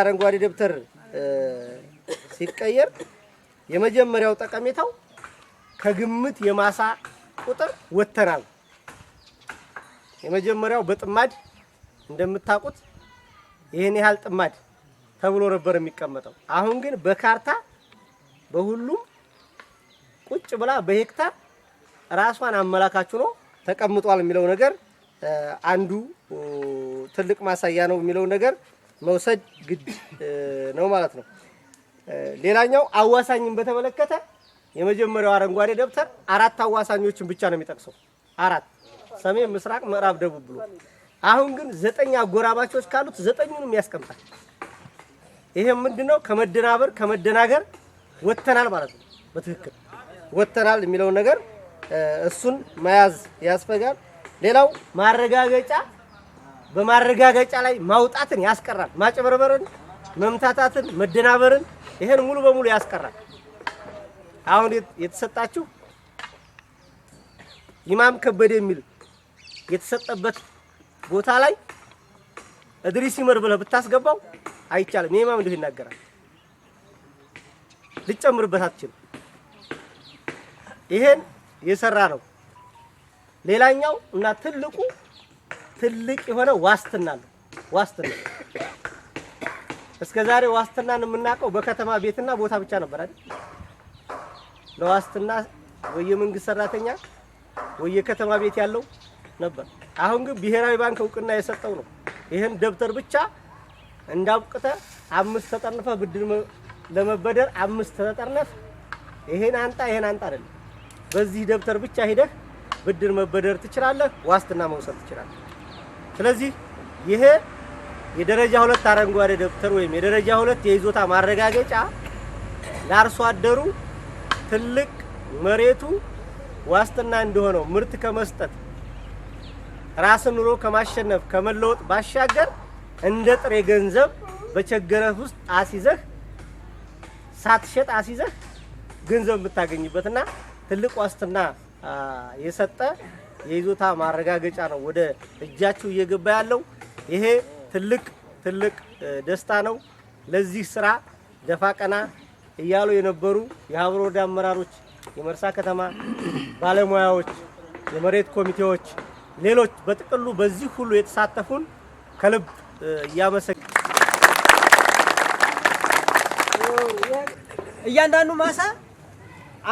አረንጓዴ ደብተር ሲቀየር የመጀመሪያው ጠቀሜታው ከግምት የማሳ ቁጥር ወጥተናል። የመጀመሪያው በጥማድ እንደምታውቁት ይህን ያህል ጥማድ ተብሎ ነበር የሚቀመጠው። አሁን ግን በካርታ በሁሉም ቁጭ ብላ በሄክታር ራሷን አመላካች ሆኖ ተቀምጧል የሚለው ነገር አንዱ ትልቅ ማሳያ ነው የሚለው ነገር መውሰድ ግድ ነው ማለት ነው። ሌላኛው አዋሳኝን በተመለከተ የመጀመሪያው አረንጓዴ ደብተር አራት አዋሳኞችን ብቻ ነው የሚጠቅሰው፣ አራት ሰሜን፣ ምስራቅ፣ ምዕራብ፣ ደቡብ ብሎ። አሁን ግን ዘጠኝ አጎራባቾች ካሉት ዘጠኙንም ያስቀምጣል። ይሄም ምንድነው ከመደናበር ከመደናገር ወጥተናል ማለት ነው። በትክክል ወጥተናል የሚለውን ነገር እሱን መያዝ ያስፈጋል። ሌላው ማረጋገጫ በማረጋገጫ ላይ ማውጣትን ያስቀራል። ማጭበርበርን፣ መምታታትን፣ መደናበርን ይሄን ሙሉ በሙሉ ያስቀራል። አሁን የተሰጣችሁ ኢማም ከበደ የሚል የተሰጠበት ቦታ ላይ እድሪስ ይመር ብለህ ብታስገባው አይቻልም። የኢማም እንዲሁ ይናገራል። ልጨምርበት አትችልም። ይሄን የሰራ ነው። ሌላኛው እና ትልቁ ትልቅ የሆነ ዋስትና ነው። ዋስትና እስከ ዛሬ ዋስትናን የምናውቀው በከተማ ቤትና ቦታ ብቻ ነበር አይደል? ለዋስትና ወይ መንግስት ሰራተኛ ወይ የከተማ ቤት ያለው ነበር። አሁን ግን ብሔራዊ ባንክ እውቅና የሰጠው ነው። ይህን ደብተር ብቻ እንዳውቅተ አምስት ተጠርንፈ ብድር ለመበደር አምስት ተጠርነፍ ይሄን አንጣ ይሄን አንጣ አይደለም። በዚህ ደብተር ብቻ ሂደህ ብድር መበደር ትችላለህ። ዋስትና መውሰድ ትችላለህ። ስለዚህ ይሄ የደረጃ ሁለት አረንጓዴ ደብተር ወይም የደረጃ ሁለት የይዞታ ማረጋገጫ ለአርሶ አደሩ ትልቅ መሬቱ ዋስትና እንደሆነው ምርት ከመስጠት ራስን ኑሮ ከማሸነፍ ከመለወጥ ባሻገር እንደ ጥሬ ገንዘብ በቸገረህ ውስጥ አስይዘህ ሳትሸጥ አስይዘህ ገንዘብ የምታገኝበትና ትልቅ ዋስትና የሰጠ የይዞታ ማረጋገጫ ነው ወደ እጃችሁ እየገባ ያለው። ይሄ ትልቅ ትልቅ ደስታ ነው። ለዚህ ስራ ደፋ ቀና እያሉ የነበሩ የሀብሮ ወረዳ አመራሮች፣ የመርሳ ከተማ ባለሙያዎች፣ የመሬት ኮሚቴዎች፣ ሌሎች በጥቅሉ በዚህ ሁሉ የተሳተፉን ከልብ እያመሰግ እያንዳንዱ ማሳ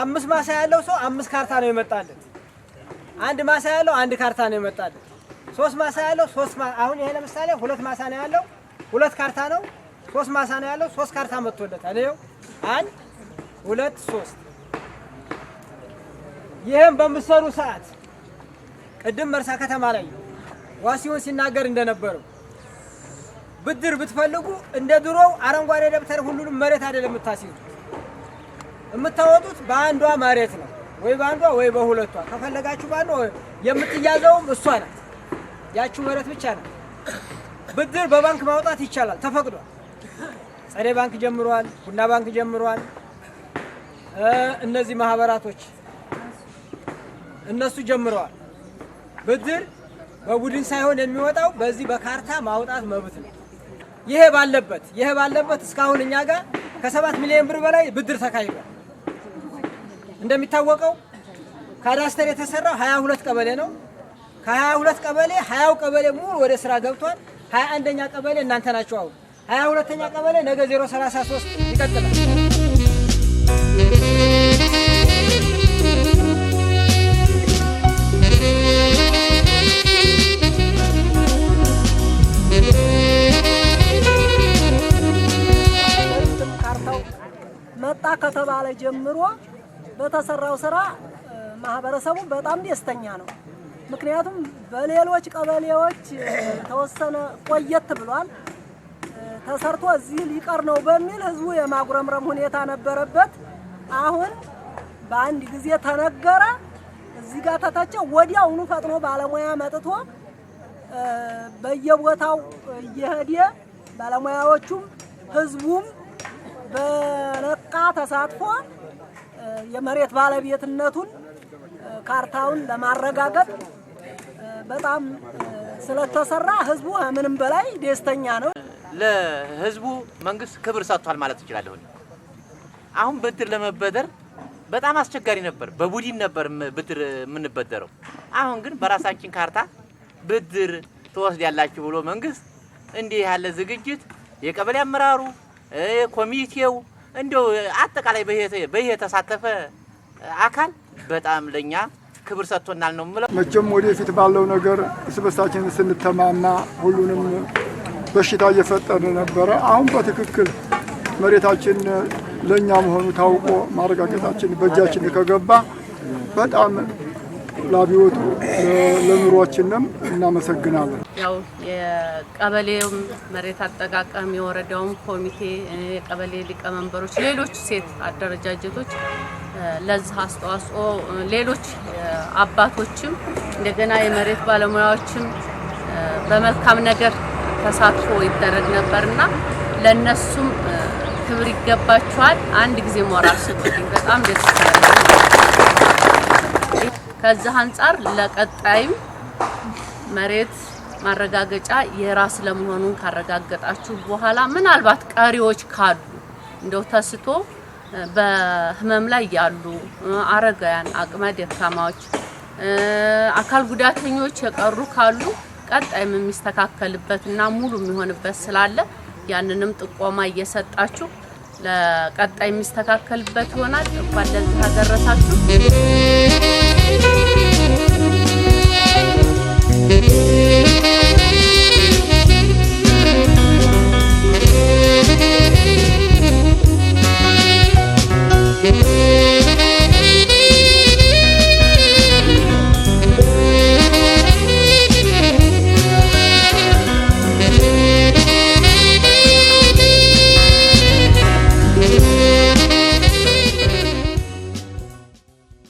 አምስት ማሳ ያለው ሰው አምስት ካርታ ነው የመጣለት። አንድ ማሳ ያለው አንድ ካርታ ነው የመጣልን። ሶስት ማሳ ያለው ሶስት አሁን ይሄ ለምሳሌ ሁለት ማሳ ነው ያለው ሁለት ካርታ ነው። ሶስት ማሳ ነው ያለው ሶስት ካርታ መጥቶለታል። ይኸው አንድ ሁለት ሶስት። ይህም በምትሰሩ ሰዓት ቅድም መርሳ ከተማ ላይ ዋሲውን ሲናገር እንደነበረው ብድር ብትፈልጉ እንደ ድሮው አረንጓዴ ደብተር ሁሉንም መሬት አይደለም የምታስይዙት፣ የምታወጡት በአንዷ መሬት ነው። ወይ በአንዷ ወይ በሁለቷ ከፈለጋችሁ ባንዷ የምትያዘውም እሷ ናት። ያችሁ መሬት ብቻ ናት። ብድር በባንክ ማውጣት ይቻላል፣ ተፈቅዷል። ጸደይ ባንክ ጀምሯል፣ ቡና ባንክ ጀምሯል። እነዚህ ማህበራቶች እነሱ ጀምረዋል። ብድር በቡድን ሳይሆን የሚወጣው በዚህ በካርታ ማውጣት መብት ነው። ይሄ ባለበት ይሄ ባለበት እስካሁን እኛ ጋር ከሰባት ሚሊዮን ብር በላይ ብድር ተካሂዷል። እንደሚታወቀው ካዳስተር የተሰራው 22 ቀበሌ ነው። ከ22 ቀበሌ 20ው ቀበሌ ሙሉ ወደ ስራ ገብቷል። 21ኛ ቀበሌ እናንተ ናችሁ። አሁን 22ኛ ቀበሌ ነገ 033 ይቀጥላል። መጣ ከተባለ ጀምሮ በተሰራው ስራ ማህበረሰቡ በጣም ደስተኛ ነው። ምክንያቱም በሌሎች ቀበሌዎች ተወሰነ ቆየት ብሏል ተሰርቶ እዚህ ሊቀር ነው በሚል ህዝቡ የማጉረምረም ሁኔታ ነበረበት። አሁን በአንድ ጊዜ ተነገረ፣ እዚህ ጋር ተተቸው። ወዲያውኑ ፈጥኖ ባለሙያ መጥቶ በየቦታው እየሄደ ባለሙያዎቹም ህዝቡም በነቃ ተሳትፎ የመሬት ባለቤትነቱን ካርታውን ለማረጋገጥ በጣም ስለተሰራ ህዝቡ ምንም በላይ ደስተኛ ነው። ለህዝቡ መንግስት ክብር ሰጥቷል ማለት እችላለሁ። አሁን ብድር ለመበደር በጣም አስቸጋሪ ነበር። በቡድን ነበር ብድር የምንበደረው። አሁን ግን በራሳችን ካርታ ብድር ያላችሁ ብሎ መንግስት እንዲህ ያለ ዝግጅት የቀበሌ አመራሩ ኮሚቴው እንደው አጠቃላይ በይሄ የተሳተፈ አካል በጣም ለኛ ክብር ሰጥቶናል ነው የምለው። መቼም ወደፊት ባለው ነገር እርስ በርሳችን ስንተማማ ሁሉንም በሽታ እየፈጠረ ነበረ። አሁን በትክክል መሬታችን ለእኛ መሆኑ ታውቆ ማረጋገጣችን በእጃችን ከገባ በጣም ለአብዮቱ ለኑሯችንም እናመሰግናለን። ያው የቀበሌውም መሬት አጠቃቀም የወረዳውም ኮሚቴ፣ የቀበሌ ሊቀመንበሮች፣ ሌሎች ሴት አደረጃጀቶች ለዚህ አስተዋጽኦ ሌሎች አባቶችም እንደገና የመሬት ባለሙያዎችም በመልካም ነገር ተሳትፎ ይደረግ ነበርና ለነሱም ክብር ይገባቸዋል። አንድ ጊዜ ሞራል ስጡኝ። በጣም ደስ ከዚህ አንጻር ለቀጣይም መሬት ማረጋገጫ የራስ ለመሆኑን ካረጋገጣችሁ በኋላ ምናልባት ቀሪዎች ካሉ እንደው ተስቶ በህመም ላይ ያሉ አረጋውያን፣ አቅመ ደካማዎች፣ አካል ጉዳተኞች የቀሩ ካሉ ቀጣይም የሚስተካከልበትና ሙሉ የሚሆንበት ስላለ ያንንም ጥቆማ እየሰጣችሁ ለቀጣይ የሚስተካከልበት ይሆናል። እንኳን ለዚህ አደረሳችሁ።